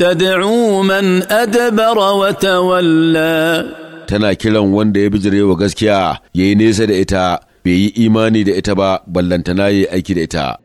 تدعو من wata walla. tana kiran wanda ya bi wa gaskiya ya yi nesa da ita bai yi imani da ita ba ballantana ya yi aiki da ita